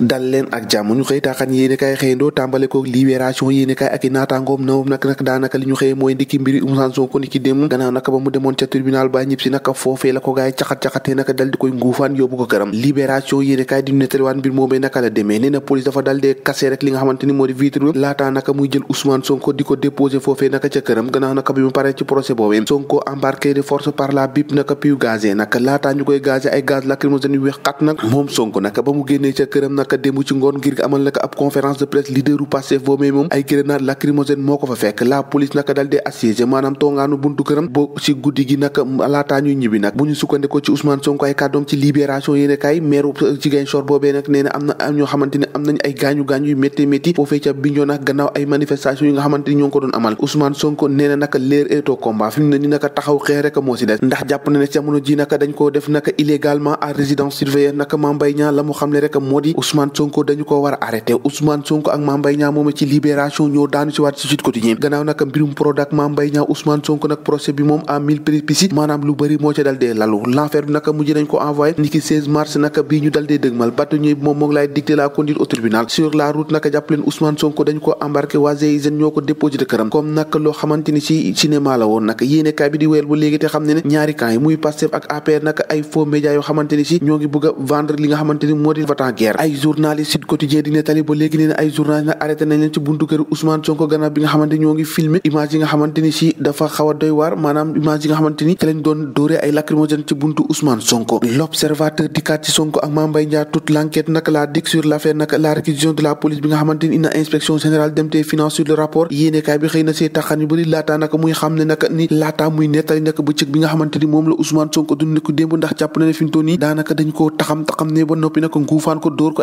dal leen ak jàmm ñu xëy taaxan yéene kaay xëyandoo tàmbale ko libération yéene kaay ak i naataangoom na moom nag nag daanaka li Sonko naka ba mu demoon ca tribunal naka foofee la koy nguufaan yóbbu ko këram libération na police dafa dal dee kase rek Sonko naka ca mu paree ci procès naka moom Sonko naka ba mu génnee ca këram nag naka démb ci ngoon ngir amal naka conférence de presse leaderu Pastef boobee moom ay grenade lacrymogène moo ko fa fekk la police naka dal di assiégé maanaam tongaanu buntu këram bo ci guddi gi naka laataa ñuy ñibbi ay gaañu gaañu yu métti métti foofee ca gannaaw ay manifestation yi nga xamante ñoo ko doon amal Ousmane Sonko nee naka leer eto combat fi naka taxaw xeex rek moo si des ndax jàpp na ne jamono ji naka dañ koo def naka illégalement Ousmane Sonko bi moom en lalu l'affaire bi mujj nañ ko envoyé niki mars nag bii ñu dal dee dëgmal bâtonnier bi moom moo lay dicté la conduite au sur la route nag jàpp leen Ousmane Sonko dañ ko embarqué waa GIGN ñoo ko déposé këram comme nag loo xamante ci cinéma woon nag yéene kaay bi di wéyal ba léegi te xam ne ñaari camp muy Pastef ak APR nag ay faux médias yoo xamante ci ñoo ngi bëgg vendre li nga moo di vatan guerre ay journal yi Sud Quotidien di nettali ba léegi nee na ay journal nag arrêté nañ ci buntu kër Ousmane Sonko gannaaw bi nga xamante ñoo ngi image nga xamante a ci lañ doon dóoree ay lacrymogène ci buntu Ousmane Sonko l'observateur di dem te ndax jàpp na ne daanaka dañ ko taxam taxam ne ba noppi nag nguufaan ko dóor ko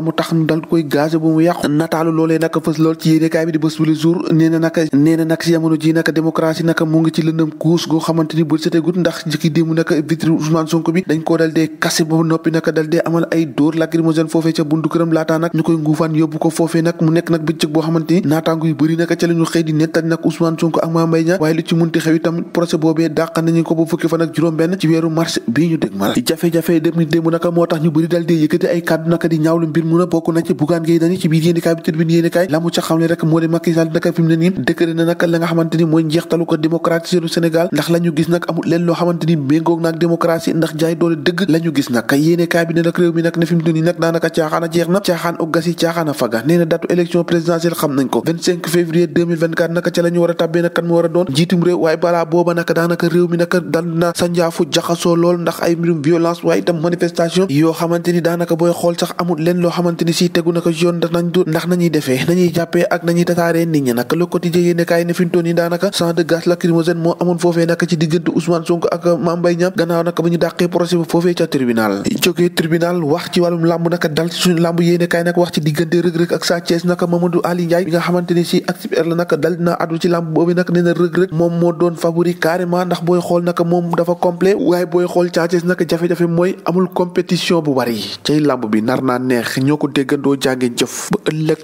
naka mu tax nu dal koy gaz bu mu nataalu loolee naka fës lool ci yéenekaay bi di bés bu le jour naka nee naka démocratie naka mu ngi naka vitre Ousmane Sonko bi dañ koo lu ci munti xew itam procès boobee dàq nañu ko ba fukki fan ak juróom benn ci weeru mars bii ñu dégmal jafe-jafe dem démb naka moo tax ñu bëri dal dee yëkkati ay kàddu naka di ñaawlu mbir mun a bokk na ci Bougane Gueye Dany ci biir yéenekaay bi Tribune yéenekaay la mu naka fi ne nii décret na nag la nga xamante ni mooy njeextalu ko démocratie du ndax la gis nag amul leen loo xamante bi ne nag réew mi nag ne fi mu caaxaan a jeex na caaxaan uggas yi caaxaan a faga nee datu élection présidentielle xam nañ ko 25 février 2024 naka ca la ñu war a tàbbee nag kan mu war doon jiitum réew waaye balaa booba naka daanaka réew mi naka dal na sanjaafu ni daanaka booy xool sax xamante ni na ko ci yoon ndax jàppee ak nañuy tataaree nit ñi nag le quotidien yéene kaay ne fintoon daanaka sang de gaz lacrymogène moo amoon làmb nag dal làmb yéene kaay nag wax ci diggante rëg-rëg ak Sa Thiès nag Mamadou Ali Ndiaye nga xamante ni si activr la nag dal dina addu ci làmb boobu nag nee na moom moo doon favori carrément ndax booy xool nag moom dafa complet waaye booy xool Sa Thiès nag jafe-jafe mooy amul compétition bu bari ci ñoo ko doo jànge jëf ba ëllëg